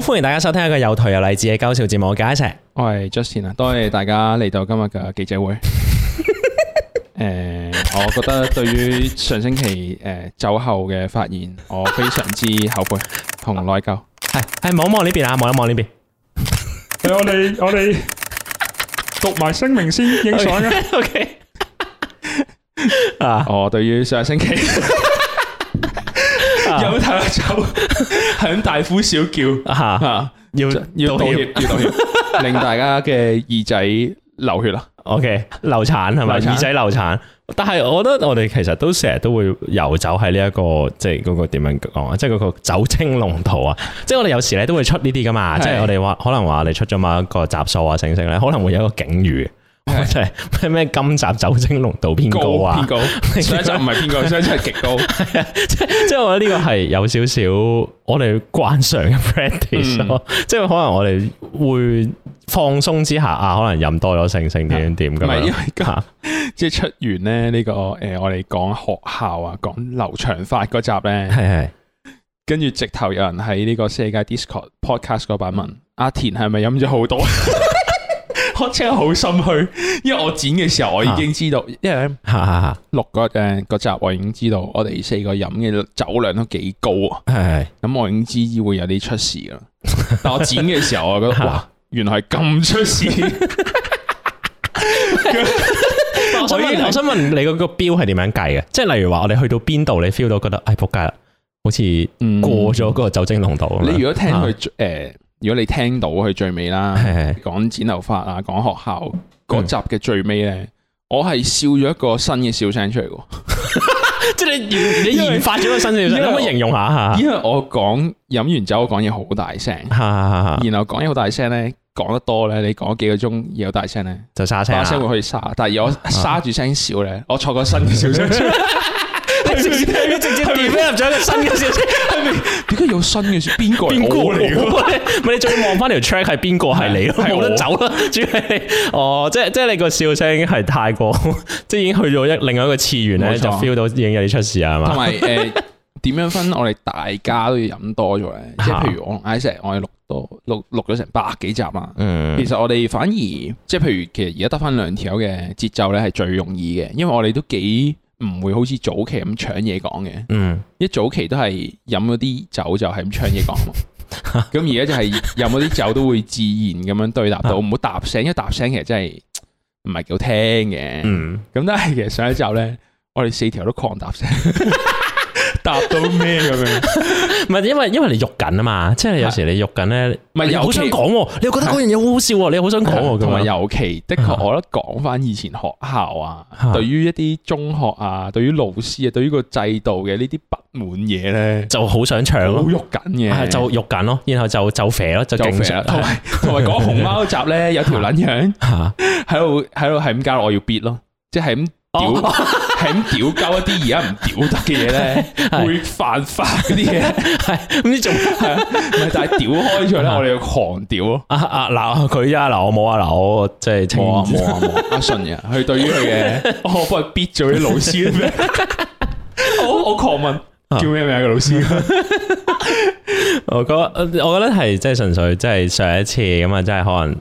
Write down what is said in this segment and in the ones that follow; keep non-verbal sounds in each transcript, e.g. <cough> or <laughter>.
好歡迎大家收聽一個有頹又勵志嘅搞笑節目，我哋一齊。我係 Justin 啊，多謝大家嚟到今日嘅記者會。誒、 <laughs> 呃，我覺得對於上星期誒、呃、酒後嘅發言，我非常之後悔同內疚。係係， <laughs> 望一望呢邊啊，望一望呢邊。誒， <laughs> 我哋我哋讀埋聲明先影相 O K。啊，我對於上星期。 <laughs> <music> 有頭就響大呼小叫，吓吓，要要道歉， <laughs> 要道歉， <laughs> 令大家嘅耳仔流血啊！OK，流產係咪？流產，耳仔流產，但係我覺得我哋其實都成日都會游走喺呢一個，即係嗰個點樣講啊？即係嗰個走青龍圖啊！即係我哋有時咧都會出呢啲噶嘛， <laughs> 即係我哋話可能話你出咗某一個集數啊，剩剩咧可能會有一個警語。我係咩咩今集酒精濃度偏高啊！偏高，上集唔係偏高，上集係極高。即即我覺得呢個係有少少我哋慣常嘅 practice 咯。即可能我哋會放鬆之下啊，可能飲多咗成成點點咁。唔係因為吓，即出完咧呢個誒，我哋講學校啊，講劉長發嗰集咧，係係跟住直頭有人喺呢個世界 Discord Podcast 個版問，阿田係咪飲咗好多？我真係好心虛，因為我剪嘅時候我已經知道，因為咧六個誒集我已經知道，我哋四個飲嘅酒量都幾高啊，咁我已經知會有啲出事啦。但我剪嘅時候，我覺得哇，原來係咁出事。所以我想問你嗰個標係點樣計嘅？即係例如話，我哋去到邊度，你 feel 到覺得唉，仆街啦，好似過咗嗰個酒精濃度。你如果聽佢誒。如果你聽到佢最尾啦，講剪頭髮啊，講學校嗰集嘅最尾咧，對我係笑咗一個新嘅笑聲出嚟喎，即 <laughs> 係你研你研發咗個新笑聲，你可唔可以形容下吓？因為我講飲完酒我講嘢好大聲，然後講嘢好大聲咧，講得多咧，你講幾個鐘有大聲咧，就沙聲，沙聲會可以沙，但係我沙住聲笑咧，我錯個新嘅笑聲出嚟，直接直接跌翻入咗個新嘅笑聲，係咪？點解有新嘅笑？邊個邊個嚟？你仲望翻條 track 係邊個係你咯？係我走啦，主要係哦，即係即係你個笑聲已經係太過， <laughs> 即係已經去咗一另外一個次元咧，錯就 feel 到已經有啲出事啊嘛。同埋誒，點、 <laughs> 呃、樣分？我哋大家都要飲多咗咧，即係 <laughs> 譬如我同 Isaac，我哋錄多錄錄咗成百幾集啊。嗯、其實我哋反而即係譬如，其實而家得翻兩條嘅節奏咧，係最容易嘅，因為我哋都幾唔會好似早期咁搶嘢講嘅。嗯，一早期都係飲咗啲酒就係咁搶嘢講。嗯咁而家就係有冇啲酒都會自然咁樣對答到，唔好答聲，因為答聲其實真係唔係幾好聽嘅。咁、嗯、但係其實上一集咧，我哋四條都狂答聲。 <laughs> 夾到咩咁？唔係，因為因為你喐緊啊嘛，即係有時你喐緊咧，唔係。好想講，你又覺得嗰樣嘢好好笑，你好想講。同埋尤其的確，我覺得講翻以前學校啊，對於一啲中學啊，對於老師啊，對於個制度嘅呢啲不滿嘢咧，就好想唱咯，好喐緊嘅，就喐緊咯，然後就就肥咯，就同埋同埋講熊貓集咧，有條撚樣，喺度喺度係咁教，我要 beat 咯，即係咁屌。喺屌鳩一啲而家唔屌得嘅嘢咧，會犯法啲嘢，係唔知做咩啊？唔係但係屌開咗咧，我哋要狂屌咯！啊啊啊嗱，佢呀嗱，我冇啊，嗱 <laughs> <laughs> 我即係冇啊冇阿信嘅佢對於佢嘅，我唔係逼咗啲老師咩？我我狂問叫咩名啊？個老師，我覺得我覺得係即係純粹即係上一次咁啊，即係可能。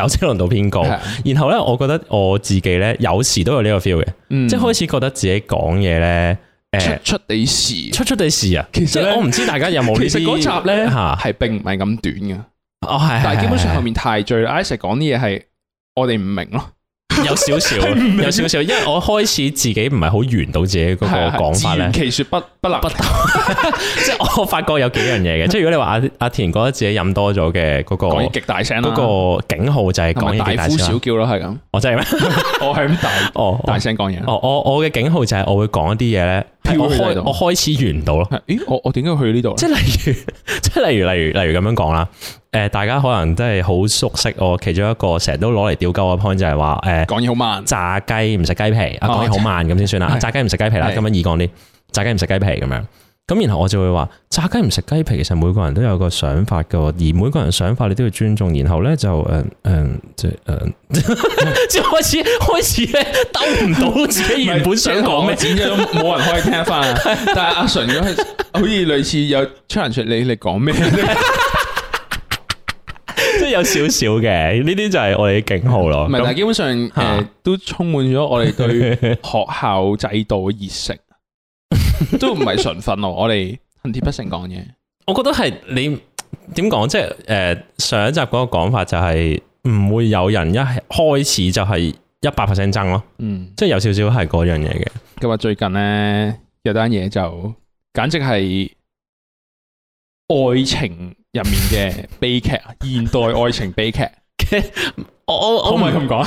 有車輪道偏高，是的 然後咧，我覺得我自己咧，有時都有呢個 feel 嘅，嗯、即係開始覺得自己講嘢咧，誒，出出啲事，欸、出出啲事啊！其實，其實我唔知大家有冇。其實嗰集咧係並唔係咁短嘅，啊，哦係，但係基本上後面太醉 i s h 講啲嘢係我哋唔明咯。有少少，係咪有少少？因為我開始自己唔係好圓到自己嗰個講法咧，的其說不不立不達。 <laughs> <laughs> 即係我發覺有幾樣嘢嘅， <laughs> 即係如果你話阿阿田覺得自己飲多咗嘅嗰個講嘢極大聲啦、啊，嗰個警號就係講嘢大呼、啊、小叫咯、啊，係咁、 <laughs> 啊。 <laughs> 我真係咩？我係大哦，大聲講嘢。哦，我我嘅警號就係我會講一啲嘢咧。我開我開始完到咯，咦？我我點解去呢度？即係例如，即係例如，例如，例如咁樣講啦。誒，大家可能真係好熟悉我其中一個成日都攞嚟屌鳩嘅 point 就係話，誒，講嘢好慢，炸雞唔食雞皮，講嘢好慢咁先算啦。啊、炸雞唔食雞皮啦，咁樣易講啲，的炸雞唔食雞皮咁樣。咁然後我就會話炸雞唔食雞皮，其實每個人都有個想法噶，而每個人想法你都要尊重。然後咧就誒誒即係誒，即係開始開始咧兜唔到自己原本想講嘅，變咗冇人可以聽翻。 <laughs> 但係阿 s 如果好似類似有出人出你你講咩，即 <laughs> 係 <laughs> <laughs> 有少少嘅呢啲就係我哋嘅警號咯。唔係不，那但基本上誒吼都充滿咗我哋對學校制度嘅熱情。 <laughs> <laughs> <laughs> <laughs> 都唔係純分哦，我哋恨鐵不成鋼嘢。我覺得係你點講，即係誒上一集嗰個講法就係唔會有人一開始就係一百 percent 爭咯。嗯，即係有少少係嗰樣嘢嘅。今日、嗯、最近咧有單嘢就簡直係愛情入面嘅悲劇啊， <laughs> 現代愛情悲劇。 <laughs> 我我我可唔可以咁講，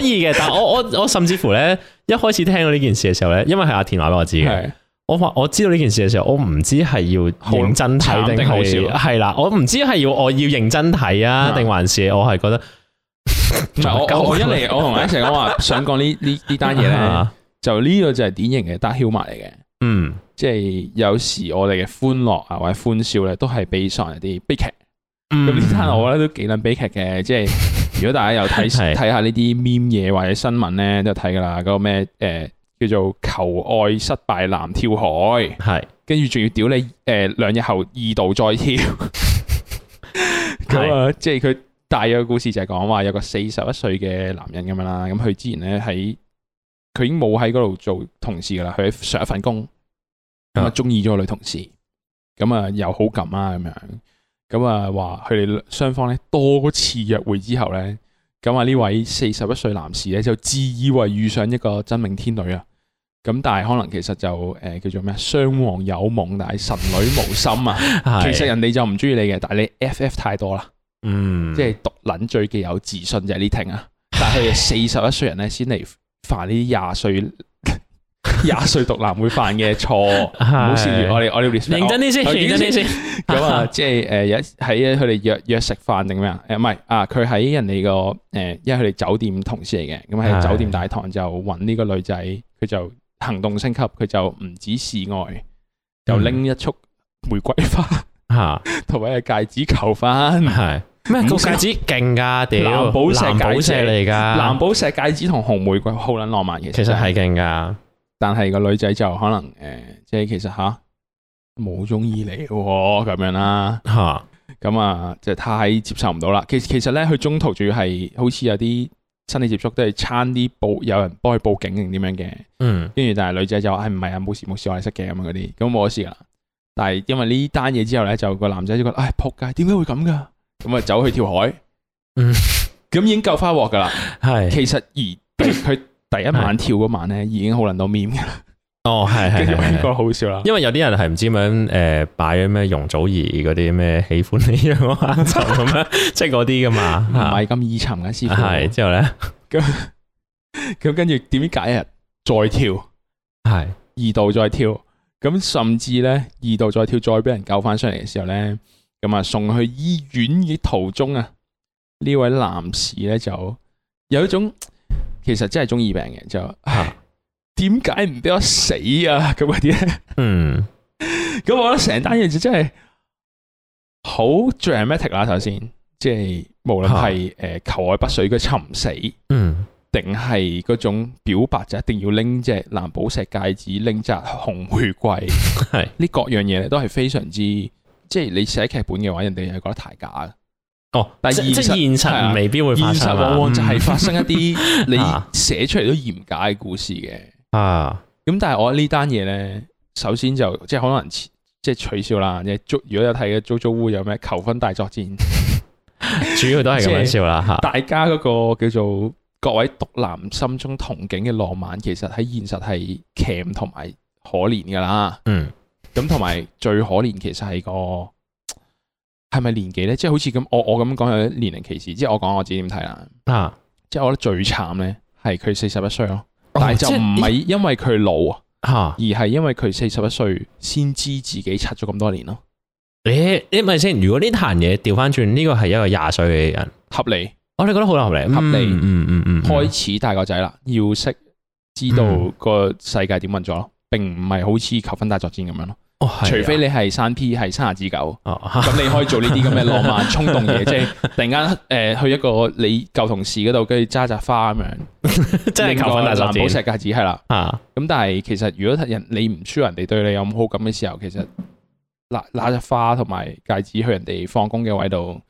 可以嘅。但係我我我甚至乎咧一開始聽到呢件事嘅時候咧，因為係阿田話俾我知嘅。我話我知道呢件事嘅時候，我唔知係要認真睇定好笑。係啦，我唔知係要我要認真睇啊，定還是我係覺得唔係 <laughs> 我我，我一嚟，我同阿成講話想講 <laughs> 呢呢呢單嘢咧，就呢個就係典型嘅 dark humor，嚟嘅。嗯，即係有時我哋嘅歡樂啊或者歡笑咧都係悲上一啲悲劇，咁呢單我覺得都幾撚悲劇嘅，即係如果大家有睇睇下呢啲 meme 嘢或者新聞咧都睇噶啦，嗰，那個咩誒。呃叫做求愛失敗男跳海，係跟住仲要屌你，誒、呃、兩日後二度再跳。咁啊，即係佢大約嘅故事就係講話有個四十一歲嘅男人咁樣啦，咁佢之前咧喺佢已經冇喺嗰度做同事噶啦，佢上一份工咁啊，中意咗個女同事，咁啊有好感啊咁樣，咁啊話佢哋雙方咧多次約會之後咧。咁啊呢位四十一歲男士咧就自以為遇上一個真命天女啊，咁但係可能其實就誒、呃、叫做咩啊，襄王有夢但係神女無心啊，其實是人哋就唔中意你嘅，但係你 FF 太多啦，嗯，即係毒撚最忌有自信就係呢庭啊，但係佢哋四十一歲人咧先嚟煩呢啲廿是歲。廿歲毒男會犯嘅錯，唔好視如我哋我哋認真啲先，認真啲先。咁啊，即係誒，喺佢哋約約食飯定咩啊？誒，唔係啊，佢喺人哋個誒，因為佢哋酒店同事嚟嘅，咁喺酒店大堂就搵呢個女仔，佢就行動升級，佢就唔止示愛，就拎一束玫瑰花吓，同埋一個戒指求婚，係咩？戒指勁噶，掉藍寶石嚟噶，藍寶石戒指同紅玫瑰好捻浪漫嘅，其實係勁噶。但係個女仔就可能誒，即、呃、係其實吓冇中意你咁、啊、樣啦、啊、吓，咁啊即係、啊、太接受唔到啦。其實其實咧，佢中途仲要係好似有啲身體接觸，都係差啲報有人幫佢報警定點樣嘅。等等嗯，跟住但係女仔就唉，唔係啊，冇事冇事，我係識嘅。啊嗰啲，咁冇事啦。但係因為呢單嘢之後咧，就個男仔就覺得，唉、哎、仆街，點解會咁噶？咁啊，走去跳海，咁、嗯、 <laughs> 已經救翻鑊噶啦。係，其實而佢。第一晚跳嗰晚咧，是已經好難到面噶啦。哦，係係，跟住 <laughs> 我講好笑啦。因為有啲人係唔知點樣誒，擺、呃、咩容祖兒嗰啲咩喜歡你啊，咁樣即係嗰啲噶嘛。唔係咁易沉噶師傅。係之後咧，咁咁跟住點解隔日再跳？係是二度再跳，咁甚至咧二度再跳，再俾人救翻上嚟嘅時候咧，咁啊送去醫院嘅途中啊，呢位男士咧就有一種。其實真係中意病嘅就吓，點解唔俾我死啊？咁嗰啲咧， <laughs> 嗯、嗯，咁我覺得成單嘢就真係好 dramatic 啦。首先，即係無論係誒求愛不遂嘅尋死，嗯，定係嗰種表白就一定要拎隻藍寶石戒指，拎隻紅玫瑰，係呢是的 各樣嘢咧都係非常之，即係你寫劇本嘅話，人哋係覺得太假哦，但係即現實，未必會發生，啊，現實往往就係發生一啲你寫出嚟都嚴謹嘅故事嘅啊。咁、嗯嗯、但係我覺得呢單嘢呢，首先就即係可能即係取笑啦。你如果有睇嘅租租屋有咩求婚大作戰， <laughs> 主要都係開玩笑啦吓。大家嗰個叫做各位獨男心中憧憬嘅浪漫，其實喺現實係慘同埋可憐噶啦。嗯，咁同埋最可憐其實係個。係咪年紀咧？即係好似咁，我我咁講有啲年齡歧視。即係我講我自己點睇啦。啊，即係我覺得最慘咧，係佢四十一歲咯。但係就唔係因為佢老啊，而係因為佢四十一歲先知自己柒咗咁多年咯。誒，你咪先？如果呢單嘢調翻轉，呢個係一個廿歲嘅人合理。我哋、哦、覺得好合理，合理。嗯嗯嗯，嗯嗯嗯嗯開始大個仔啦，要識知道個世界點運作咯，嗯、並唔係好似求婚大作戰咁樣咯。哦啊、除非你係三 P 係三字九，咁你可以做呢啲咁嘅浪漫衝 <laughs> 動嘢，即係。突然間誒、呃，去一個你舊同事嗰度跟住揸紮花咁樣，即係 <laughs> 求婚大作戰，藍寶石戒指係啦。咁、啊、但係其實如果你人你唔 sure 人哋對你有咁好感嘅時候，其實拿拿隻花同埋戒指去人哋放工嘅位度。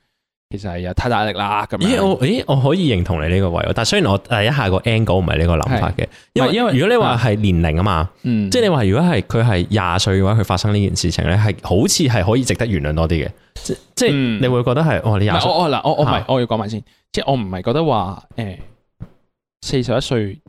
其實係有太大力啦咁。咦、欸、我誒、欸、我可以認同你呢個位，但係雖然我第一下個 angle 唔係呢個諗法嘅，因為因為如果你話係年齡啊嘛，啊嗯、即係你話如果係佢係廿歲嘅話，佢發生呢件事情咧，係好似係可以值得原諒多啲嘅，即係你會覺得係我、哦、你廿歲、嗯嗯嗯嗯嗯，我我嗱我我唔係我要講埋、啊、先，即係我唔係覺得話誒四十一歲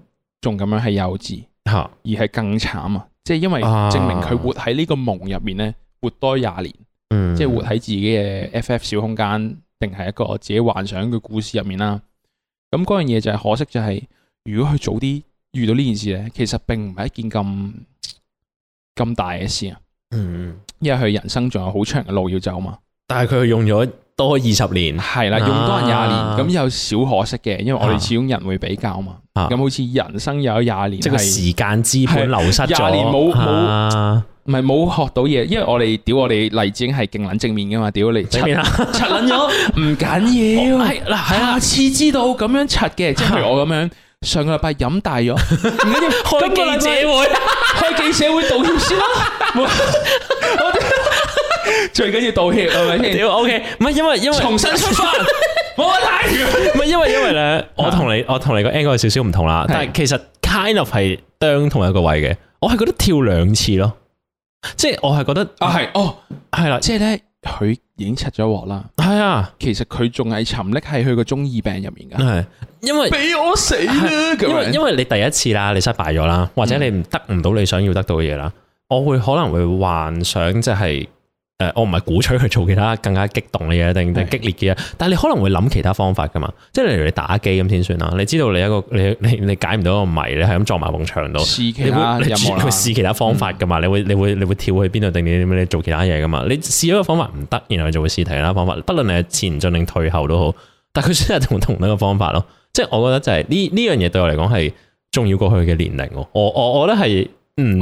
仲咁樣係幼稚吓，而係更慘啊！慘即係因為證明佢活喺呢個夢入面咧，活多廿年，即係活喺自己嘅 FF 小空間。嗯嗯嗯嗯嗯嗯定係一個自己幻想嘅故事入面啦。咁嗰樣嘢就係可惜就係、是，如果佢早啲遇到呢件事咧，其實並唔係一件咁咁大嘅事啊。嗯，因為佢人生仲有好長嘅路要走嘛。但係佢用咗多二十年，係啦、啊，用多廿年，咁、啊、有少可惜嘅，因為我哋始終人會比較嘛。咁、啊、好似人生有廿年，即係、啊、時間資本流失咗，廿年冇冇。啊啊唔係冇學到嘢，因為我哋屌我哋例子已經係勁撚正面嘅嘛。屌你，擦啦，擦撚咗，唔緊要。係嗱，下次知道咁樣擦嘅，即係譬如我咁樣，上個禮拜飲大咗，唔緊要。開記者會，開記者會道歉先啦。最緊要道歉啊！屌，OK，唔係因為因為重新出發，冇問題。唔係因為因為咧，我同你我同你個 angle 有少少唔同啦，但係其實 kind of 係當同一個位嘅。我係覺得跳兩次咯。即係我係覺得啊係哦係啦，即係咧佢已經出咗鑊啦。係啊，了了的其實佢仲係沉溺喺佢個中二病入面噶。係的因為俾我死啦，因為樣因為你第一次啦，你失敗咗啦，或者你唔得唔到你想要得到嘅嘢啦，嗯、我會可能會幻想即係。誒，我唔係鼓吹去做其他更加激動嘅嘢，定定激烈嘅嘢。但係你可能會諗其他方法噶嘛？即係例如你打機咁先算啦。你知道你一個你你你解唔到一個謎，你係咁撞埋埲牆度。試其他，你會試其他方法噶嘛、嗯你？你會你會你會跳去邊度定你做其他嘢噶嘛？你試咗個方法唔得，然後就會試其他方法。不論你係前進定退後都好，但係佢算係同同一個方法咯。即係我覺得就係呢呢樣嘢對我嚟講係重要過佢嘅年齡。我我我覺得係。嗯，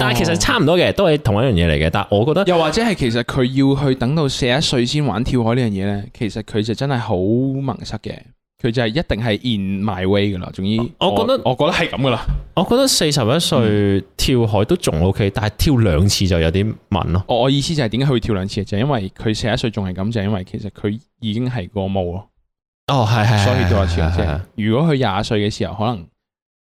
但係其實差唔多嘅，都係同一樣嘢嚟嘅。但係我覺得，又或者係其實佢要去等到四十一歲先玩跳海呢樣嘢咧，其實佢就真係好盲塞嘅。佢就係一定係 in my way 噶啦。總之，我覺得我覺得係咁噶啦。我覺得四十一歲跳海都仲 O K，但係跳兩次就有啲悶咯。我我意思就係點解佢會跳兩次，就係因為佢四十一歲仲係咁，就係因為其實佢已經係個毛咯。哦，係係，所以跳一次。如果佢廿歲嘅時候可能。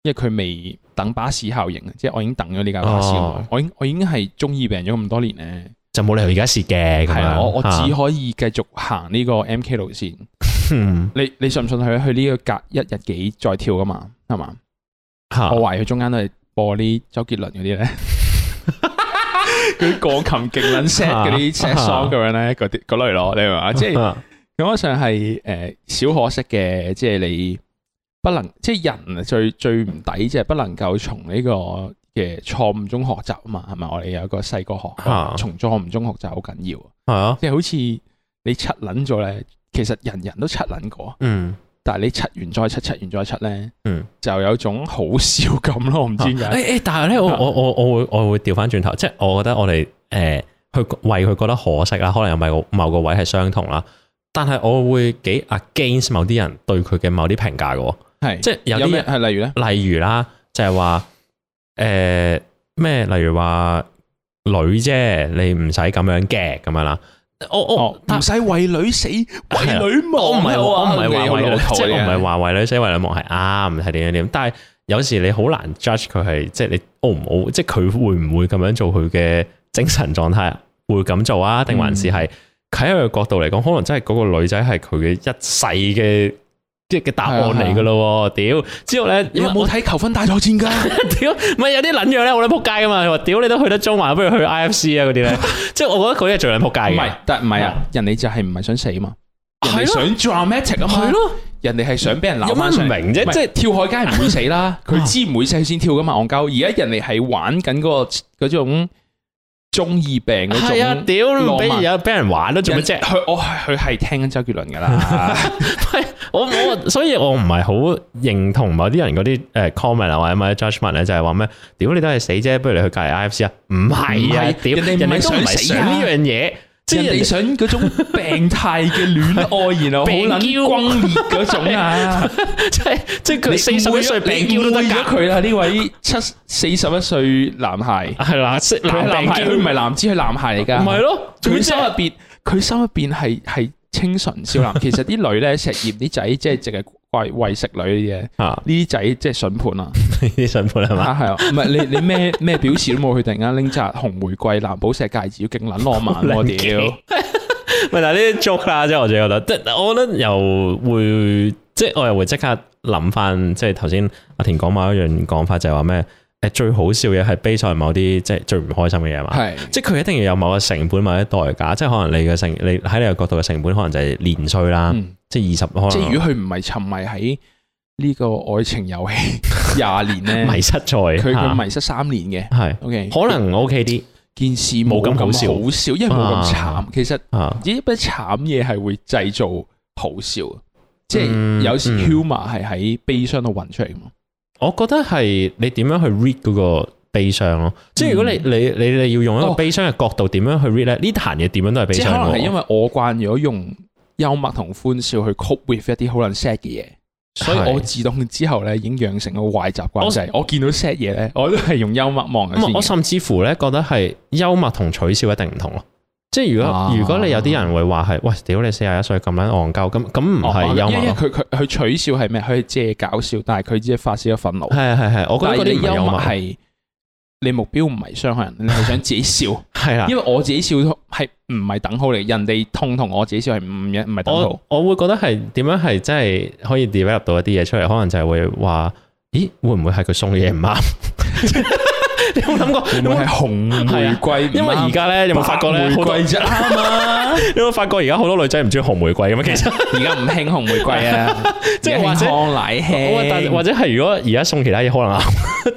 因為佢未等巴士效應啊，即係我已經等咗呢架巴士。我、哦、我已經係中意病咗咁多年咧，就冇理由而家蝕嘅。係啊、嗯，我我只可以繼續行呢個 MK 路線。啊、你你信唔信佢去呢個隔一日幾再跳㗎嘛？係嘛？我懷疑佢中間都係播啲周杰倫嗰啲咧，嗰啲鋼琴勁捻 set 嗰啲 set song 咁樣咧，嗰啲嗰類咯，你係嘛、呃？即係咁樣上係誒少可惜嘅，即係你。不能即係人最最唔抵，即係不能夠從呢個嘅錯誤中學習啊嘛係咪？我哋有一個細個學，從錯誤中學習好緊要啊。係啊，即係好似你七撚咗咧，其實人人都七撚過。嗯，但係你七完再七，七完再、嗯、七咧，嗯，就有種好笑咁咯。我唔、啊、知點解、啊欸欸？但係咧，我我我我會我會調返轉頭，即係、啊、我覺得我哋誒去為佢覺得可惜啦，可能又咪某個位係相同啦。但係我會幾 against 某啲人對佢嘅某啲評價噶。係，是即係有啲咩係例如咧，例如啦，就係話誒咩？例如話女啫，你唔使咁樣嘅咁樣啦。我我唔使為女死，為女亡。我唔係我唔係話即係唔係話為女死為女亡，係啱係點樣點？但係有時你好難 judge 佢，係即係你好唔好？即係佢會唔會咁樣做佢嘅精神狀態啊？會咁做啊？定還是係喺佢嘅角度嚟講，可能真係嗰個女仔係佢嘅一世嘅。即係嘅答案嚟噶咯。屌，之後咧，你有冇睇求婚大作戰噶，屌咪有啲卵樣咧，我都仆街噶嘛。佢話屌你都去得中環，不如去 I F C 啊嗰啲咧，即係我覺得嗰啲最令人仆街。唔係，但唔係啊，人哋就係唔係想死嘛，係想 dramatic 啊嘛，係咯，人哋係想俾人鬧翻上。有咩唔明啫？即係跳海梗係唔會死啦，佢知唔會死先跳噶嘛，戇鳩。而家人哋係玩緊嗰個種中二病嗰種。係啊，屌，唔俾有俾人玩都做乜啫？佢我係佢係聽緊周杰倫噶啦。我我，所以我唔係好認同某啲人嗰啲誒 comment 啊，或者咩 judgement 咧，就係話咩？點你都係死啫，不如你去隔離 IFC 啊？唔係啊，人哋唔係想呢樣嘢，即係你想嗰種病態嘅戀愛，然後好捻轟烈嗰種啊！即係即係佢四十一歲病嬌都得嫁佢啦！呢位七四十一歲男孩係啦，男病嬌佢唔係男子係男孩嚟噶，唔係咯？佢心入邊，佢心入邊係係。清純少男，其實啲女咧食鹽，啲仔即係淨係喂喂食女啲嘢，呢啲仔即係筍盤啊！呢啲筍盤係嘛？係 <laughs> 啊，唔係、啊、你你咩咩表示都冇，佢突然間拎紮紅玫瑰、藍寶石戒指，要勁撚浪漫 <laughs> <laughs> 我屌！咪嗱呢啲足啦，即係我自己覺得，我覺得又會即係我又會即、就是、刻諗返，即係頭先阿田講某一樣講法，就係話咩？誒，最好笑嘅係悲上某啲，即係最唔開心嘅嘢嘛。係，是 即係佢一定要有某個成本，或者代價。即係可能你嘅成，你喺你嘅角度嘅成本，可能就係年歲啦，嗯、即係二十開。即係如果佢唔係沉迷喺呢個愛情遊戲廿年咧， <laughs> 迷失在佢嘅迷失三年嘅係。是 OK，可能 OK 啲件事冇咁咁好笑，好笑啊、因為冇咁慘。其實，呢啲慘嘢係會製造好笑，嗯、即係有時 humour 係喺悲傷度混出嚟我覺得係你點樣去 read 嗰個悲傷咯，即係如果你、嗯、你你你要用一個悲傷嘅角度點樣去 read 咧，呢、哦、壇嘢點樣都係悲傷。只可能係因為我慣咗用幽默同歡笑去 cope with 一啲可能 sad 嘅嘢，是所以我自動之後咧已經養成個壞習慣，我就係我見到 sad 嘢咧我都係用幽默望、嗯。咁才有 我甚至乎咧覺得係幽默同取笑一定唔同咯、啊。即係如果、啊、如果你有啲人會話係喂，屌你四十一歲咁樣戇鳩咁咁唔係幽默、啊、因為佢佢佢取笑係咩？佢借搞笑，但係佢只係發洩咗憤怒。係係係，我覺得呢啲幽默係、嗯、你目標唔係傷害人，你係想自己笑。係啊 <laughs> 的，因為我自己笑係唔係等號你，人哋痛同我自己笑係唔一唔係等號。我我會覺得係點樣係真係可以 develop 到一啲嘢出嚟，可能就係會話，咦？會唔會係佢送嘢唔啱？」 <laughs> <laughs> 你有冇諗過？因為紅玫瑰，因為而家咧，有冇發覺咧？玫瑰啫啱啊！有冇發覺而家好多女仔唔中意紅玫瑰嘅咩？其實而家唔興紅玫瑰啊，即係康乃馨，或者係如果而家送其他嘢可能。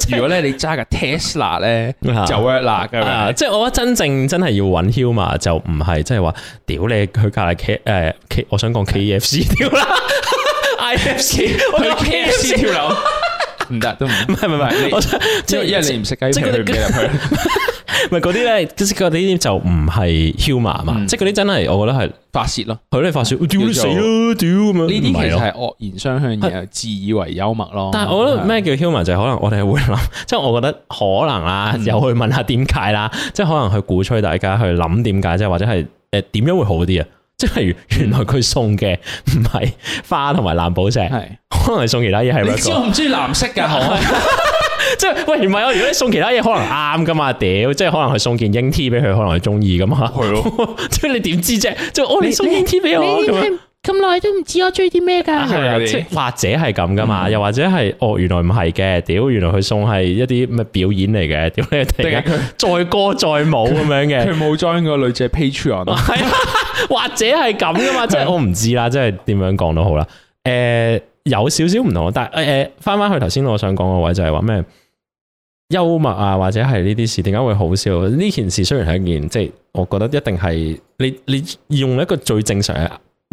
如果咧你揸個 Tesla 咧，就 work 啦。即係我覺得真正真係要搵 Hilma 就唔係即係話屌你去隔籬誒我想講 KFC 屌啦，IFC 去 KFC 跳樓。唔得都唔，唔係唔係，即係因為你唔食雞皮都俾入去，唔係嗰啲咧，即係佢哋呢啲就唔係 humour 嘛，即係嗰啲真係，我覺得係發泄咯，佢哋發泄，屌你死咯，屌咁樣，呢啲其實係惡言相向，然後自以為幽默咯。但係我覺得咩叫 humour 就係可能我哋係會諗，即係我覺得可能啦，又去問下點解啦，即係可能去鼓吹大家去諗點解，即係或者係誒點樣會好啲啊？即係原來佢送嘅唔係花同埋藍寶石，係是可能係送其他嘢係。你知我唔中意藍色噶， <laughs> <laughs> <laughs> 即係喂唔係啊？如果你送其他嘢，可能啱噶嘛？屌， <laughs> 即係可能係送件英 t i 俾佢，可能係中意噶嘛？係咯的， <laughs> 即係你點知啫？即係我你送英 t i f f a 咁耐都唔知我中意啲咩噶，啊、或者係咁噶嘛？嗯、又或者係哦，原來唔係嘅，屌原來佢送係一啲咩表演嚟嘅？屌你突然間載歌載舞過再冇咁樣嘅？佢冇 join 個女仔 Patreon，或者係咁噶嘛？即係 <laughs> 我唔知啦，即係他點樣講都好啦。誒，有少少唔同，但係誒誒，翻翻去頭先我想講個位就係話咩幽默啊，或者係呢啲事，點解會好笑？呢件事雖然係一件，即係我覺得一定係你你用一個最正常嘅。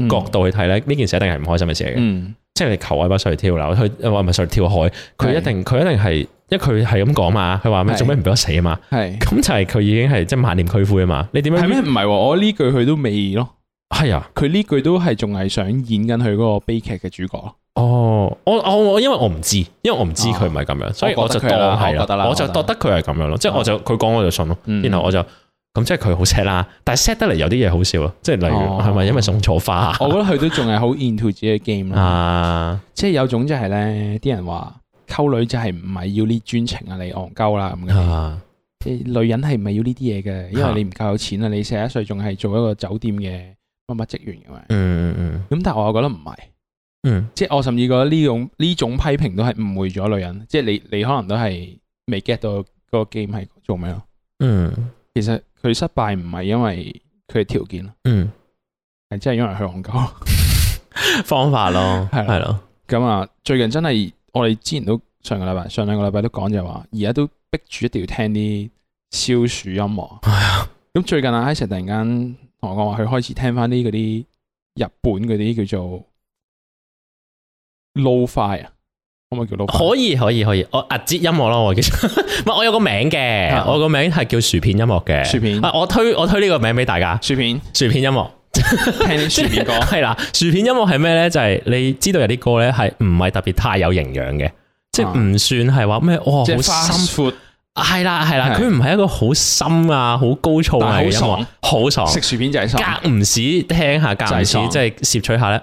角度去睇咧，呢件事一定係唔開心嘅事嚟嘅，即係你求愛不遂去跳樓，佢話唔係去跳海，佢一定佢一定係，因為佢係咁講嘛，佢話咩做咩唔俾我死啊嘛，咁就係佢已經係即係萬念俱灰啊嘛，你點樣係咩？唔係我呢句佢都未咯，係啊，佢呢句都係仲係想演緊佢嗰個悲劇嘅主角。哦，我我我因為我唔知，因為我唔知佢唔係咁樣，所以我就覺得啦，我就覺得佢係咁樣咯，即係我就佢講我就信咯，然後我就。咁即係佢好 set 啦，但係 set 得嚟，有啲嘢好笑啊！即係例如係咪、哦、因為送錯花？我覺得佢都仲係好 into 自己嘅 game 啊！即係有種就係、是、咧，啲人話溝女就係唔係要呢專情昂啊，你戇鳩啦咁嘅。吓，女人係唔係要呢啲嘢嘅？因為你唔夠有錢啊，你四十一歲仲係做一個酒店嘅乜乜職員嘅嘛。嗯嗯嗯。咁但係我又覺得唔係，嗯，嗯即係我甚至覺得呢種呢種批評都係誤會咗女人。即係你你，你可能都係未 get 到嗰個 game 係做咩咯？嗯，其實。佢失敗唔係因為佢嘅條件咯，係真係因為佢用個方法咯，係係咯。咁啊的，最近真係我哋之前都上個禮拜、上兩個禮拜都講就話，而家都逼住一定要聽啲消暑音樂。咁 <laughs> 最近阿、啊、i s 成 <laughs> 突然間，同我講話佢開始聽翻啲嗰啲日本嗰啲叫做 lo-fi 啊。可以可以可以我阿哲音樂咯我記得唔係我有個名嘅我個名係叫薯片音樂嘅薯片啊我推我推呢個名俾大家薯片薯片音樂聽啲薯片歌係啦薯片音樂係咩咧就係你知道有啲歌咧係唔係特別太有營養嘅即係唔算係話咩哦，好深闊係啦係啦佢唔係一個好深啊好高燥嘅音樂好爽食薯片就係爽間唔時聽下間唔時即係攝取下咧。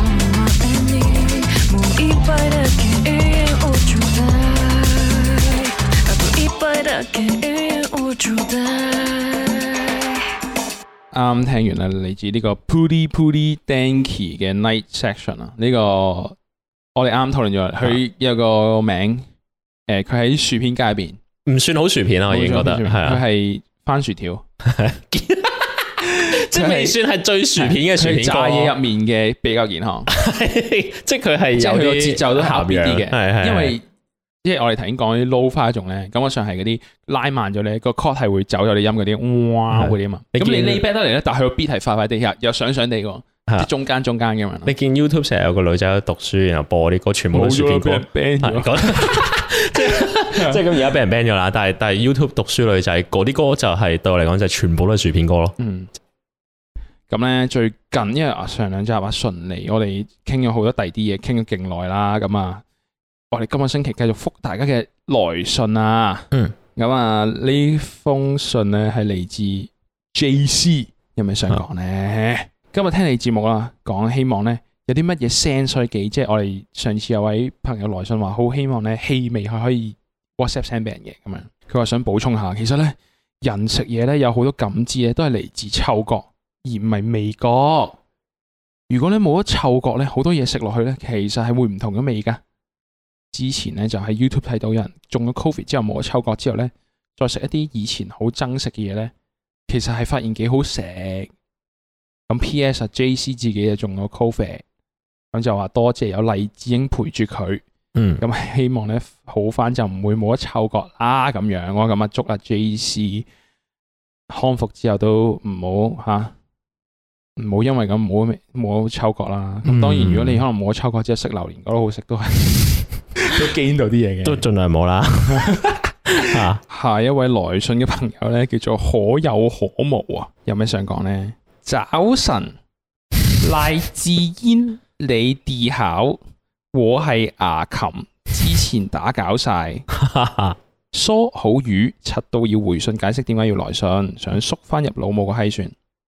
啱啱聽完啦，嚟自呢個ぷにぷに電機嘅 Night Session 啊，呢個我哋啱啱討論咗，佢有個名，誒、呃，佢喺薯片界入邊，唔算好薯片啦、啊，我已經覺得係佢係番薯條，是啊、 <laughs> 即係未算係最薯片嘅薯片，炸嘢入面嘅比較健康， <laughs> 即係佢係有節奏都下邊啲嘅，係 <laughs> 係，啊啊、因為。即係我哋頭先講啲 low 花嗰種咧，感覺上係嗰啲拉慢咗你、那個 cut 係會走咗啲音嗰啲，哇嗰啲啊！咁的你呢 part 看得嚟咧，但係個 beat 係快快地下，又上上地個，的中間中間咁啊！你見 YouTube 成日有個女仔喺度讀書，然後播啲歌，全部都係薯片歌，即係咁而家俾人 ban 咗啦。但係但係 YouTube 讀書女仔嗰啲歌就係、是、對我嚟講就係、是、全部都係薯片歌咯、嗯。嗯，咁咧、嗯、最近因為上兩集話順利，我哋傾咗好多第二啲嘢，傾咗勁耐啦，咁啊。我哋今個星期繼續復大家嘅來信啊，咁、嗯、啊呢封信呢係嚟自 JC、嗯、有冇想講呢？嗯、今日聽你節目啦，講希望呢有啲乜嘢聲衰記，即係我哋上次有位朋友來信話，好希望呢氣味係可以 WhatsApp send 俾人嘅。咁樣佢話想補充下，其實呢人食嘢呢有好多感知嘢都係嚟自嗅覺，而唔係味覺。如果你冇咗嗅覺呢，好多嘢食落去呢，其實係會唔同嘅味噶。.之前咧就喺 YouTube 睇到有人中咗 Covid 之後冇咗嗅覺之後咧，再食一啲以前好憎食嘅嘢咧，其實係發現幾好食。咁 P.S. 啊 J.C. 自己就中咗 Covid，咁就話多謝有勵志鷹陪住佢，咁、嗯嗯、希望咧好翻就唔會冇咗嗅覺啦咁樣、啊。咁啊祝阿、啊、J.C. 康復之後都唔好吓，唔好因為咁冇冇咗嗅覺啦。咁、嗯、當然如果你可能冇咗嗅覺只係食榴蓮覺得好食都係。 <laughs> 都驚到啲嘢嘅，都盡量冇啦。 <laughs> 下一位來信嘅朋友咧，叫做可有可無啊，有咩想講咧？早晨，勵志鷹你哋巧，我係牙琴，之前打攪晒，哈哈。 <laughs> 縮好魚，柒到要回信解釋點解要來信，想縮翻入老母個閪船。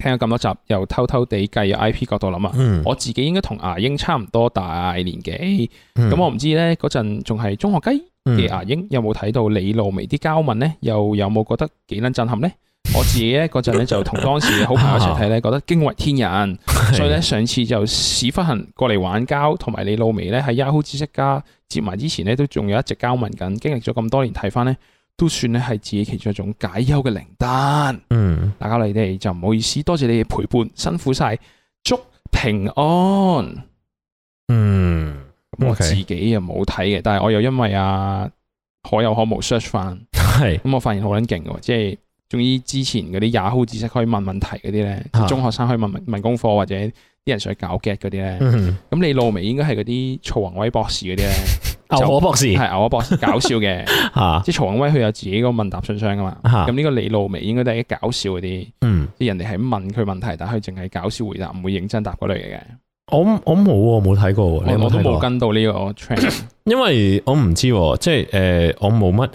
聽咗咁多集，又偷偷地計 IP 角度諗啊！嗯、我自己應該同牙英差唔多大年紀，咁、嗯、我唔知咧嗰陣仲係中學雞嘅牙英有冇睇到李露眉啲交問咧？又有冇覺得幾撚震撼咧？我自己咧嗰陣咧就同當時好朋友一齊睇咧，覺得驚為天人，嗯嗯、所以咧上次就屎忽痕過嚟玩交，同埋李露眉咧喺 Yahoo 知識家接埋之前咧都仲有一直交問緊，經歷咗咁多年睇返咧。都算咧，係自己其中一種解憂嘅靈丹。嗯，大家你哋就唔好意思，多謝你哋陪伴，辛苦晒，祝平安。嗯，mm. Okay. 我自己又冇睇嘅，但係我又因為啊可有可無 search 翻，係咁 <laughs> 是我發現好捻勁嘅，即係仲意之前嗰啲 Yahoo 知識可以問問題嗰啲咧，啊、中學生可以問問問功課或者。啲人想搞 get 嗰啲咧，咁、嗯、李露眉應該係嗰啲曹宏威博士嗰啲咧，我 <laughs> 博士係我博士搞笑嘅，吓 <laughs> 即係曹宏威佢有自己個問答信箱噶嘛，咁呢 <laughs> 個李露眉應該都係啲搞笑嗰啲，啲、嗯、人哋係問佢問題，但係佢淨係搞笑回答，唔會認真答嗰類嘅。我我冇，我冇睇過，有冇睇過我我都冇跟到呢個 train， <coughs> 因為我唔知，即係誒、呃、我冇乜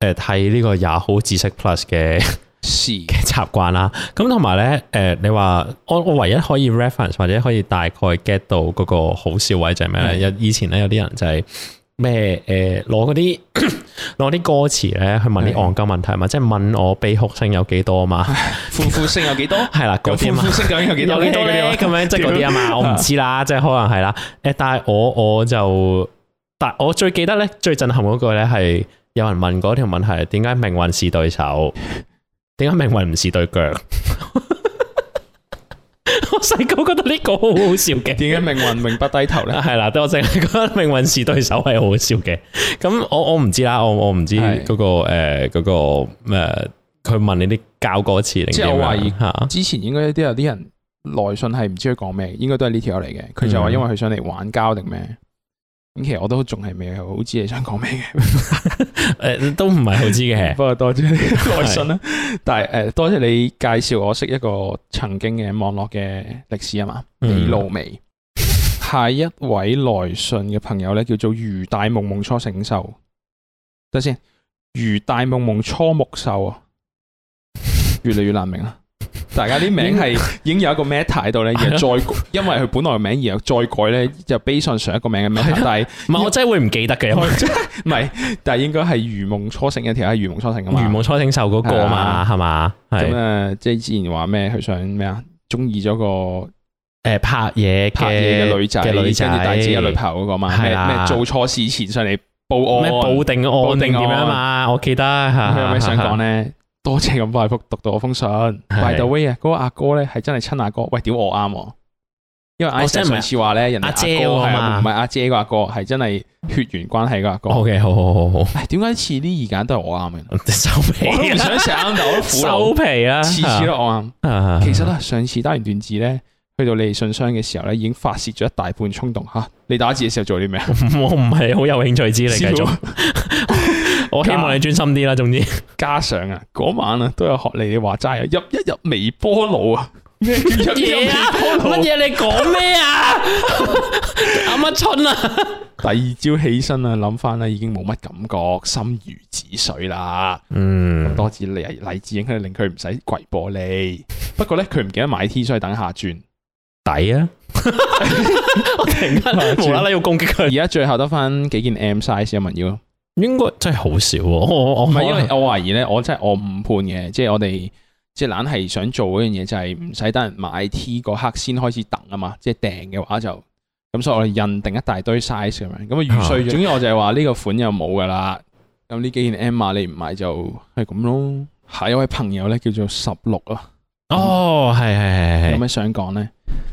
誒睇呢個也好知識 plus 嘅。 <laughs> 嘅習慣啦，咁同埋咧，誒、呃，你話我我唯一可以 reference 或者可以大概 get 到嗰個好笑位就係咩咧？有是的 以前咧有啲人就係咩誒，攞嗰啲攞啲歌詞咧去問啲戇鳩問題嘛，即係問我悲哭聲有幾多嘛，歡呼聲有幾多？係啦， <laughs> 嗰啲嘛，歡呼聲咁樣有幾多？咁樣 <laughs> <laughs> 即係嗰啲啊嘛， <laughs> 我唔知啦，即係可能係啦。誒，但係我我就，但係我最記得咧最震撼嗰句咧係有人問嗰條問題，點解命運是對手？點解命運唔是對腳？ <laughs> 我細個覺得呢個好好笑嘅。點解命運永不低頭咧？係啦， <laughs> 對我淨係覺得命運是對手係好好笑嘅。咁我我唔知啦，我我唔知嗰、嗰個誒是、呃嗰個咩，佢問你啲教過一次。即係我懷疑之前應該有啲人來信係唔知佢講咩，應該都係呢條友嚟嘅。佢就話因為佢想嚟玩交定咩？嗯咁其實我都仲係未好知你想講咩嘅，誒都唔係好知嘅。不過多謝你來信啦是的，但係誒多謝你介紹我識一個曾經嘅網絡嘅歷史啊嘛，嗯、李露薇，下一位來信嘅朋友咧叫做如大夢夢初醒秀，等先，如大夢夢初木秀啊，越嚟越難明啦。大家啲名係已經有一個 Meta 喺度咧？然後再因為佢本來名然後再改咧，就悲上上一個名嘅 Meta。但係唔係我真係會唔記得嘅，我真係唔係。但係應該係《如夢初醒》嘅條係《如夢初醒》咁。《如夢初醒》受嗰個嘛係嘛。咁啊，即係之前話咩？佢想咩啊？中意咗個誒拍嘢拍嘢嘅女仔嘅女仔，帶自己女朋友嗰個嘛？咩咩做錯事前上嚟報案，報定案定點樣嘛？我記得吓。有咩想講咧？多謝咁快覆讀到我封信，By the way 啊！嗰個阿哥咧係真係親阿哥，喂，屌我啱，因為阿 s e t 上次話咧，人阿姐係唔係阿姐個阿哥，係真係血緣關係個阿哥。O K，好好好好，點解次啲意見都係我啱嘅？收皮啦，我唔想成日都收皮啊，次次都我啱。其實咧，上次打完段字咧，去到你信箱嘅時候咧，已經發泄咗一大半衝動吓。你打字嘅時候做啲咩啊？我唔係好有興趣知你繼續。我希望你專心啲啦。總之，加上啊，嗰晚啊，都有學你話齋啊，入一入微波爐啊，乜嘢啊，乜嘢 <laughs> 你講咩啊？阿乜春啊，第二朝起身啊，諗翻啦，已經冇乜感覺，心如止水啦。嗯，多謝勵志鷹咧，令佢唔使跪玻璃。 <laughs> 不過咧，佢唔記得買 T，所以等下轉抵啊。 <laughs> <laughs> 我停啦，無啦啦要攻擊佢。而家 <laughs> 最後得翻幾件 M size 有冇要？應該真係好少喎。哦，唔係不可因為我懷疑咧，我真係我誤判嘅，即係我哋即係懶係想做嗰樣嘢，就係唔使等人買 T 嗰刻，先開始等啊嘛，即係訂嘅話就咁，所以我哋印定一大堆 size 咁樣，咁啊雨水。總之我就係話呢個款又冇噶啦，咁呢幾件 M 碼你唔買就係咁咯。下一位朋友咧叫做十六啊，哦係係係係，有咩的、嗯、想講咧？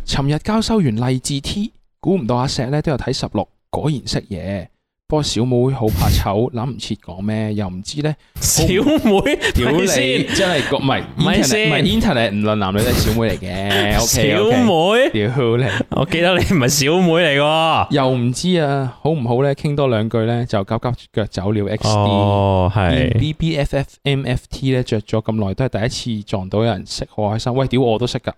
尋日交收完勵志 T，估唔到阿石咧都有睇十六，果然識嘢。不過小妹好怕醜，諗唔切講咩，又唔知咧。小妹，係咪先？真係唔係，唔係，唔係，Internet 唔論男女都係小妹嚟嘅。小妹，屌你！我記得你唔係小妹嚟嘅，又唔知啊，好唔好咧？傾多兩句咧，就急急腳走了。X D B B F F M F T 咧，著咗咁耐都係第一次撞到有人識，好開心。喂，屌我都識噶。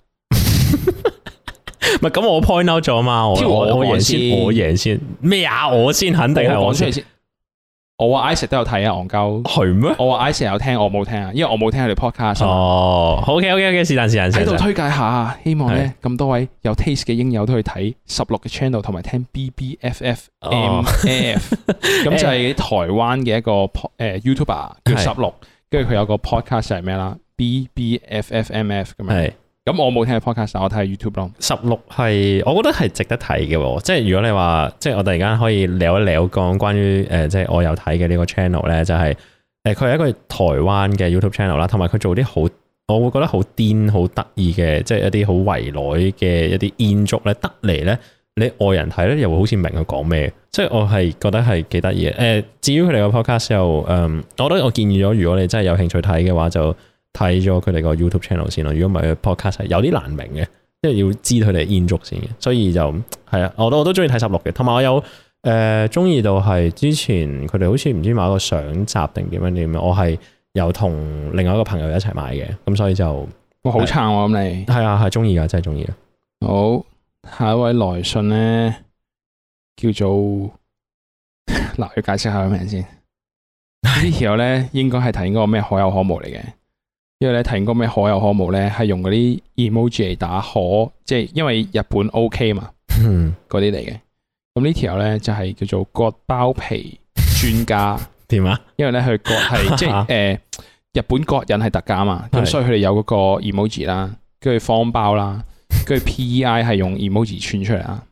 唔係咁，我 point out 咗嘛？我我贏先，我贏先咩啊？我先肯定係我先。我話 i c e 都有睇啊，戇鳩係咩？我話 i c e 有聽，我冇聽啊，因為我冇聽佢哋 podcast 哦。好嘅，好 k o k 是但，是但，成日都推介下希望咧咁多位有 taste 嘅應有都去睇十六嘅 channel 同埋聽 B B F F M F，咁就係台灣嘅一個誒 YouTuber 叫十六，跟住佢有個 podcast 係咩啦？B B F F M F 咁樣。咁我冇聽 podcast，我睇 YouTube 咯。十六係，我覺得係值得睇嘅，即係如果你話，即係我突然間可以聊一聊講關於誒、呃，即係我有睇嘅呢個 channel 咧，就係、是、誒，佢、呃、係一個台灣嘅 YouTube channel 啦，同埋佢做啲好，我會覺得好癲、好得意嘅，即係一啲好圍內嘅一啲建築咧，得嚟咧，你外人睇咧又會好似明佢講咩，即係我係覺得係幾得意嘅。誒、呃，至於佢哋個 podcast 又，嗯，我覺得我建議咗，如果你真係有興趣睇嘅話就。睇咗佢哋個 YouTube channel 先咯，如果唔係 podcast 有啲難明嘅，即係要知佢哋 in 足先嘅，所以就係啊，我都我都中意睇十六嘅，同埋我有誒中意到係之前佢哋好似唔知買個相集定點樣點樣，我係有同另外一個朋友一齊買嘅，咁所以就我好撐我咁你係啊係中意嘅，真係中意啊！好，下一位來信咧，叫做嗱， <laughs> 要解釋下個名先？呢條咧應該係提嗰個咩可有可無嚟嘅。因為咧睇過咩可有可無咧，係用嗰啲 emoji 嚟打可，即係因為日本 OK 嘛，嗰啲嚟嘅。咁呢條咧就係、是、叫做割包皮專家點啊？嗯、因為咧佢割係即係誒、呃，日本割引係特價啊嘛，咁、嗯、所以佢哋有嗰個 emoji 啦，跟住方包啦，跟住 pei 係用 emoji 串出嚟啊。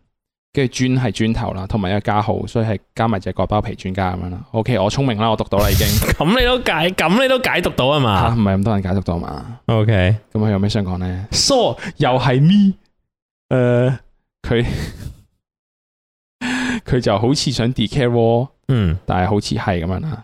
跟住磚係磚頭啦，同埋一個加號，所以係加埋隻割包皮專家咁樣啦。OK，我聰明啦，我讀到啦已經。咁 <laughs> 你都解，咁你都解讀到啊嘛？吓，唔係咁多人解讀到嘛？OK，咁佢有咩想講咧？So 又係 me，誒佢佢就好似想 declare 嗯，wall, um. 但係好似係咁樣啦。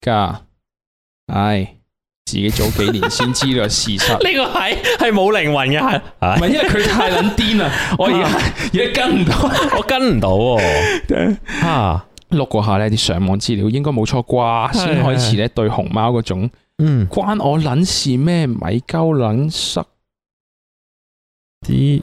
家，唉、哎，自己早幾年先知道事實。呢 <laughs> 個係係冇靈魂嘅，係唔係因為佢太撚癲 <laughs> 在啊？我而家而家跟唔到， <laughs> 我跟唔到、哦。吓碌過下呢啲上網資料應該，應該冇錯啩。先開始咧對熊貓嗰種，的嗯，關我撚事咩？咪鳩撚塞啲。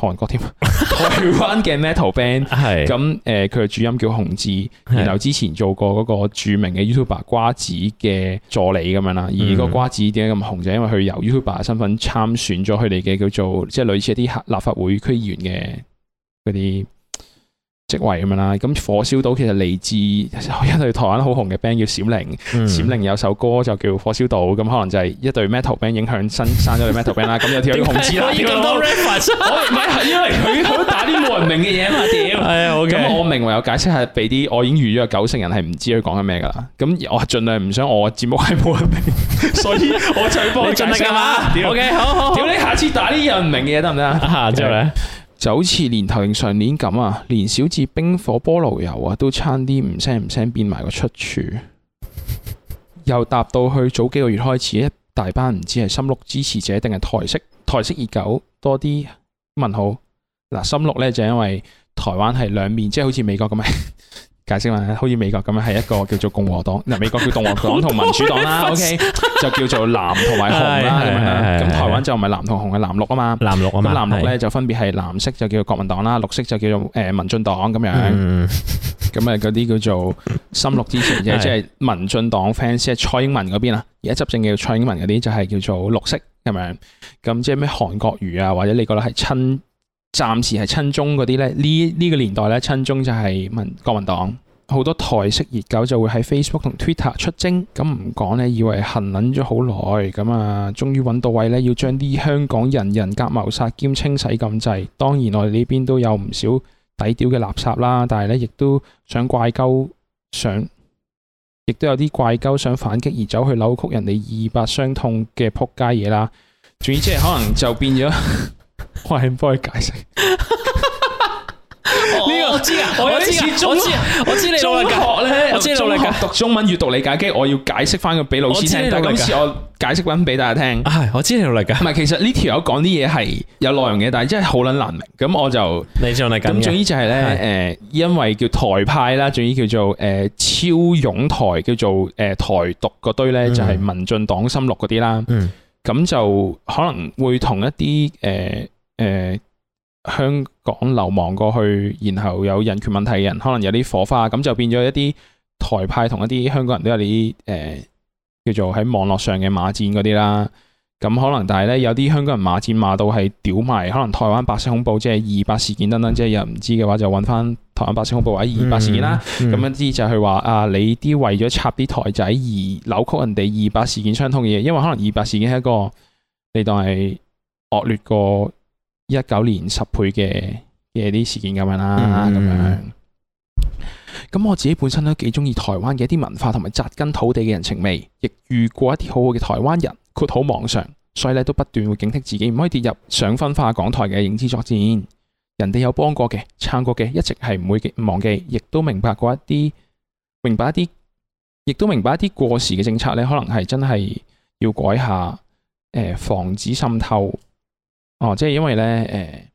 韓國添，台灣嘅 Metal Band，咁誒佢嘅主音叫洪智，然後之前做過嗰個著名嘅 YouTuber 瓜子嘅助理咁樣啦，而個瓜子點解咁紅就因為佢由 YouTuber 身份參選咗佢哋嘅叫做即係類似一啲立法會區議員嘅嗰啲職位咁樣啦，咁《火燒島》其實嚟自一對台灣好紅嘅 band 叫閃靈，閃靈有首歌就叫《火燒島》，咁可能就係一對 Metal band 影響生生咗對 Metal band 啦。咁有條紅字啦，因為佢打啲冇人明嘅嘢嘛，屌。係啊，O K。咁我明唯有解釋係俾啲我已經預咗嘅九成人係唔知佢講緊咩噶啦，咁我盡量唔想我節目係冇人明，所以我傳播盡力噶嘛。O K，好好。屌你下次打啲有人明嘅嘢得唔得啊？之後咧？就好似年頭定上年咁啊，連小至冰火菠蘿油啊，都差啲唔聲唔聲變埋個出處，又搭到去早幾個月開始，一大班唔知係深綠支持者定係台式台式熱狗多啲問號，嗱，深綠呢，就因為台灣係兩面，即係好似美國咁咪。解釋啦，好似美國咁樣係一個叫做共和黨，嗱，美國叫共和黨同民主黨啦，OK，就叫做藍同埋紅啦咁樣啦。咁台灣就唔係藍同紅嘅藍綠啊嘛，藍綠啊嘛，咁藍綠咧就分別係藍色就叫做國民黨啦，綠色就叫做誒民進黨咁樣。咁啊嗰啲叫做深綠支持者，即係民進黨 fans 啊蔡英文嗰邊啊，而家執政叫蔡英文嗰啲就係叫做綠色咁樣。咁即係咩韓國瑜啊或者你覺得係親？暫時係親中嗰啲咧，呢呢、呢個年代呢，親中就係民國民黨，好多台式熱狗就會喺 Facebook 同 Twitter 出征，咁唔講呢，以為行捻咗好耐，咁啊，終於揾到位呢，要將啲香港人人格謀殺兼清洗咁滯，當然我哋呢邊都有唔少抵屌嘅垃圾啦，但係呢，亦都想怪鳩想，亦都有啲怪鳩想反擊而走去扭曲人哋二百傷痛嘅撲街嘢啦，總之即係可能就變咗。 <laughs> 我係唔幫佢解釋。呢個我知噶，我知噶，我知我知你中學咧，我知你讀中學讀中文閱讀理解機，我要解釋翻個俾老師聽得噶。今次我解釋翻俾大家聽，係我知你讀嚟噶。係，其實呢條友講啲嘢係有內容嘅，但係真係好撚難明。咁我就你就係咁。咁，總之就係咧，誒，因為叫台派啦，總之叫做誒超勇台，叫做誒台獨嗰堆咧，就係民進黨心綠嗰啲啦。嗯。咁就可能會同一啲誒誒香港流亡過去，然後有人權問題嘅人，可能有啲火花，咁就變咗一啲台派同一啲香港人都有啲誒、呃、叫做喺網絡上嘅罵戰嗰啲啦。咁可能，但係咧，有啲香港人罵戰罵到係屌埋，可能台灣白色恐怖即係二二八事件，等等，即係又唔知嘅話，就揾翻台灣白色恐怖或者二二八事件啦。咁、嗯嗯、樣之就係話啊，你啲為咗插啲台仔而扭曲人哋二二八事件相通嘅嘢，因為可能二二八事件係一個你當係惡劣過一九年十倍嘅嘅啲事件咁樣啦。咁、嗯、樣咁、嗯、我自己本身都幾中意台灣嘅一啲文化，同埋扎根土地嘅人情味，亦遇過一啲好好嘅台灣人。括好網上，所以咧都不斷會警惕自己，唔可以跌入想分化港台嘅影子作戰。人哋有幫過嘅撐過嘅，一直係唔會忘記，亦都明白過一啲，明白一啲，亦都明白一啲過時嘅政策咧，可能係真係要改下，防止滲透。哦，即係因為咧，誒、呃。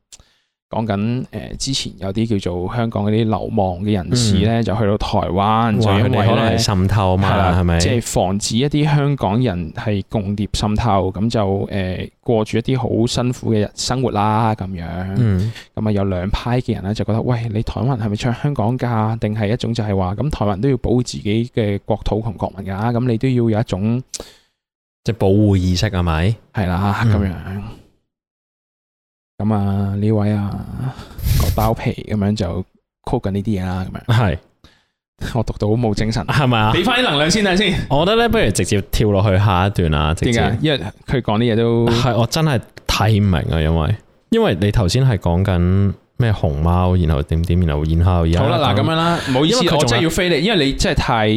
講緊誒，之前有啲叫做香港嗰啲流亡嘅人士咧，嗯、就去到台灣，就嘩因為可能係滲透嘛，係咪是？即係防止一啲香港人係共諜滲透，咁就誒、呃、過住一啲好辛苦嘅生活啦，咁樣。咁啊、嗯嗯，有兩派嘅人咧就覺得，喂，你台灣係咪唱香港噶？定係一種就係話，咁台灣都要保護自己嘅國土同國民噶，咁你都要有一種即係保護意識係咪？係啦，咁、嗯嗯、樣。咁啊呢位啊個包皮咁樣就 call 緊呢啲嘢啦，咁樣係我讀到好冇精神，係咪啊？俾翻啲能量先啊！先，我覺得咧，不如直接跳落去下一段啊，直接？因為佢講啲嘢都係我真係睇唔明啊！因為因為你頭先係講緊咩熊貓，然後點點然後然後好啦，嗱咁樣啦，冇意思，我真係要飛你，因為你真係太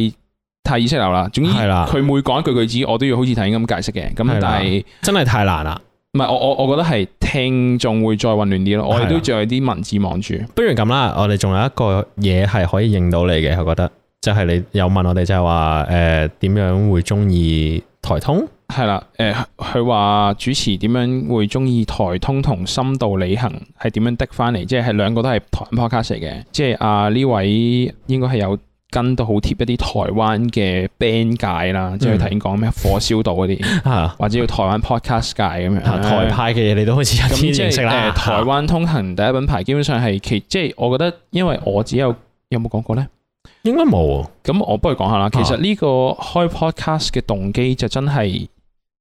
太意識流啦。總之係啦，佢每講一句句子，我都要好似頭先咁解釋嘅。咁但係真係太難啦。唔係我我我覺得係聽眾會再混亂啲咯，我哋都仲有啲文字望住。不如咁啦，我哋仲有一個嘢，係可以認到你嘅。我覺得就係、是、你有問我哋就係話，誒，點樣會中意台通係啦，誒佢話主持點樣會中意台通同深度旅行係點樣的翻嚟，即係兩個都係台灣 podcast 嚟嘅，即係阿呢位應該係有。跟到好貼一啲台灣嘅 band 界啦，即係頭先講咩火燒島嗰啲，或者叫台灣 podcast 界咁樣，台派嘅嘢你都開始有啲認識啦。台灣通行第一品牌，基本上係其即係我覺得，因為我自己有冇講過咧？應該冇。咁我不如講下啦。其實呢個開 podcast 嘅動機就真係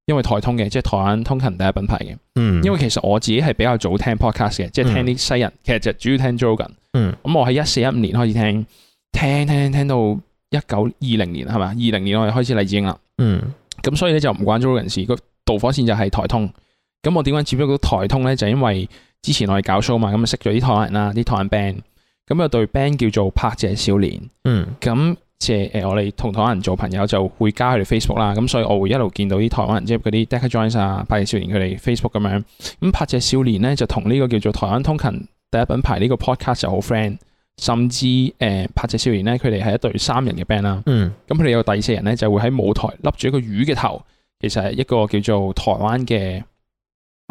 因為台通嘅，即係台灣通行第一品牌嘅。嗯。因為其實我自己係比較早聽 podcast 嘅，即係聽啲西人，其實就主要聽 Jorgen。嗯。咁我喺一四一五年開始聽。聽聽聽到一九二零年係咪二零年我哋開始勵志鷹啦。嗯，咁所以咧就唔關 Joey 人事個導火線就係台通。咁我點解接觸到台通咧？就係、因為之前我哋搞 show 嘛，咁啊識咗啲台灣人啦，啲台灣 band。咁啊對 band 叫做拍謝少年。嗯，咁即係誒我哋同台灣人做朋友就會加佢哋 Facebook 啦。咁所以我會一路見到啲台灣人即係嗰啲 Deca Joins 啊、拍謝少年佢哋 Facebook 咁樣。咁拍謝少年咧就同呢個叫做台灣通勤第一品牌呢個 podcast 就好 friend。甚至誒拍《隻、呃、少年》咧，佢哋係一隊三人嘅 band 啦。嗯。咁佢哋有第四人咧，就會喺舞台笠住一個魚嘅頭。其實係一個叫做台灣嘅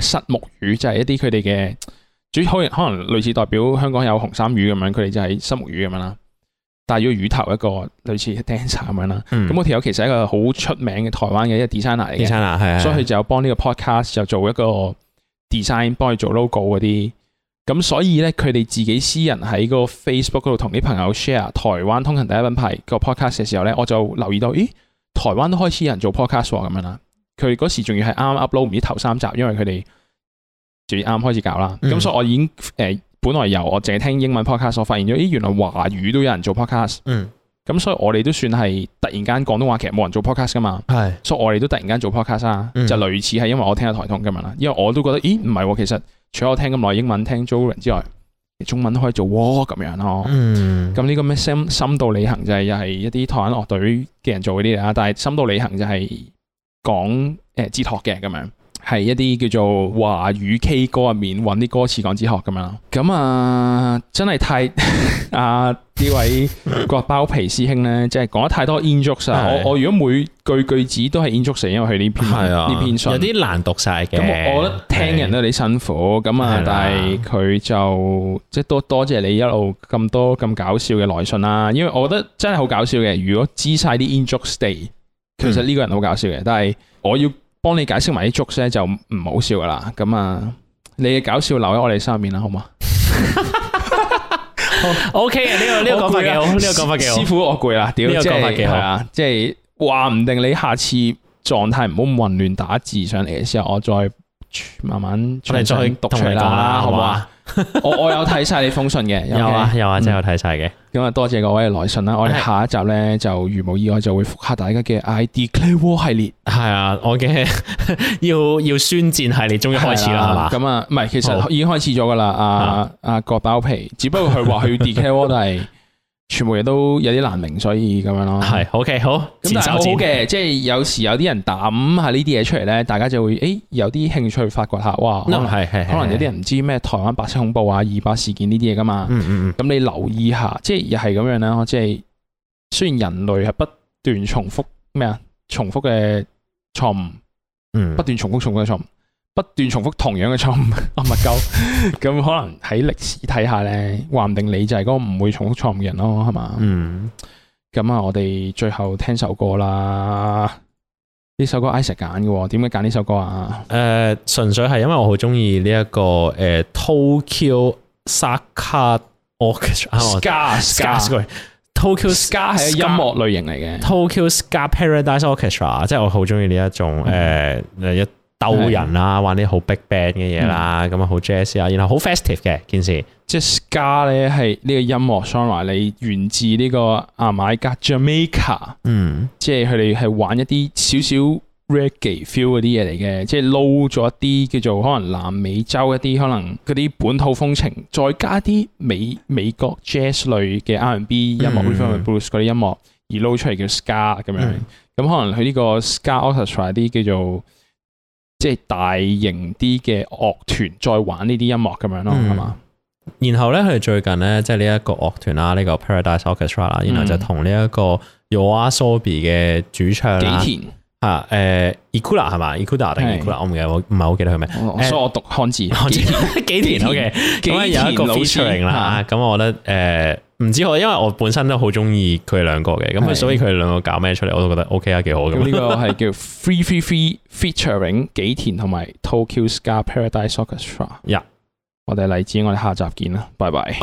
虱目魚，就係、是、一啲佢哋嘅主，可可能類似代表香港有紅衫魚咁樣，佢哋就係虱目魚咁樣啦。但係要魚頭一個類似 dancer 咁樣啦。咁我條友其實係一個好出名嘅台灣嘅一個 designer 嚟嘅。designer 係係。所以佢就有幫呢個 podcast 就做一個 design，幫佢做 logo 嗰啲。咁所以咧，佢哋自己私人喺個 Facebook 度同啲朋友 share 台灣通行第一品牌個 podcast 嘅時候咧，我就留意到，咦，台灣都開始有人做 podcast 喎，咁樣啦。佢嗰時仲要係啱啱 upload 唔知頭三集，因為佢哋仲要啱開始搞啦。咁、嗯、所以我已經誒、呃、本來由我淨係聽英文 podcast，我發現咗，咦，原來華語都有人做 podcast。嗯。咁所以我哋都算係突然間廣東話其實冇人做 podcast 噶嘛，係是，所以我哋都突然間做 podcast 啊，嗯、就類似係因為我聽咗台通咁樣啦，因為我都覺得，咦，唔係喎，其實除咗我聽咁耐英文聽 Joan 之外，中文都可以做喎咁、哦、樣咯。咁呢、嗯、個咩深深度旅行就係又係一啲台灣樂隊嘅人做嗰啲啊，但係深度旅行就係講誒自託嘅咁樣。係一啲叫做華語 K 歌入面揾啲歌詞講之學咁樣，咁啊真係太 <laughs> 啊呢位割包皮師兄呢， <laughs> 即係講得太多 in jokes 晒。我、啊、我如果每句句子都係 in jokes，因為佢呢篇呢、啊、篇信有啲難讀晒嘅。咁我覺得聽人都有啲辛苦。咁啊，但係佢就即係多多謝你一路咁多咁搞笑嘅來信啦。因為我覺得真係好搞笑嘅。如果知晒啲 in jokes Day，其實呢個人好搞笑嘅。但係我要。幫你解釋埋啲 jokes 就唔好笑噶啦，咁啊，你嘅搞笑留喺我哋身入面啦，好嘛？O K 啊，呢個呢個講法幾好，呢 Okay,、這個講我法幾好。師傅，師傅我攰啦，屌，呢法即係即係話唔定你下次狀態唔好咁混亂打字上嚟嘅時候，我再慢慢再去讀出嚟啦，好唔吧好啊？ <laughs> 我我有睇晒你封信嘅，有啊 Okay? 有啊，真有睇晒嘅。咁啊、嗯，多謝各位來信啦。的我哋下一集咧就如無意外就會復刻大家嘅《I Declare War》系列。係啊，我嘅 <laughs> 要要宣戰系列終於開始啦，係嘛？咁啊，唔係，其實已經開始咗噶啦。阿阿郭包皮，的只不過佢話佢要 declare war 都係。全部嘢都有啲難明，所以咁樣咯。係，OK，好。咁但係是好嘅，即係有時有啲人抌下呢啲嘢出嚟咧，大家就會誒、欸、有啲興趣去發掘下。哇，哦、可能係，是是是可能有啲人唔知咩台灣白色恐怖啊、二二八事件呢啲嘢噶嘛。嗯嗯嗯。咁你留意下，即係又係咁樣啦。即係雖然人類係不斷重複咩啊，重複嘅錯誤，嗯，嗯，不斷重複重複嘅錯誤。不斷重複同樣嘅錯誤，阿咪鳩咁可能喺歷史睇下咧，話唔定你就係嗰個唔會重複錯誤嘅人咯，係嘛？嗯。咁啊，我哋最後聽首歌啦。呢首歌 Ish 揀嘅，點解揀呢首歌啊？誒、呃，純粹係因為我好中意呢一個誒 Tokyo Ska Orchestra。Ska，Tokyo Ska 係音樂類型嚟嘅。Tokyo Ska Paradise Orchestra，即係我好中意呢一種誒一。呃 mm hmm. 斗人啦、啊，玩啲好 big band 嘅嘢啦，咁啊好 jazz 啊，然後好 festive 嘅件事。即係 scar 咧，係呢個音樂雙環，你源自呢個啊馬格 Jamaica，嗯，即係佢哋係玩一啲少少 reggae feel 嗰啲嘢嚟嘅，即係撈咗一啲叫做可能南美洲一啲可能嗰啲本土風情，再加啲美美國 jazz 類嘅 R&B 音樂，blues 嗰啲音樂而撈出嚟叫 scar 咁、嗯、樣，咁、嗯、可能佢呢個 scar outside 啲叫做。即係大型啲嘅樂團再玩呢啲音樂咁樣咯，係嘛？然後咧佢哋最近咧即係呢一個樂團啦，呢個 Paradise Orchestra 啦，然後就同呢一個 YOASOBI 嘅主唱啊，誒 Ikura 係嘛 Ikura 定 Ikura 我唔記，唔係好記得佢名。所以我讀漢字，漢字。幾田？O K。咁啊有一個 featuring 啦，咁我覺得誒。唔知我，因為我本身都好中意佢哋兩個嘅，咁所以佢哋兩個搞咩出嚟，我都覺得 O K 啊，幾好咁。咁呢個係叫 Free Free Free Featuring 幾田同埋 Tokyo Ska Paradise Orchestra。呀，我哋勵志鷹我哋下集見啦，拜拜。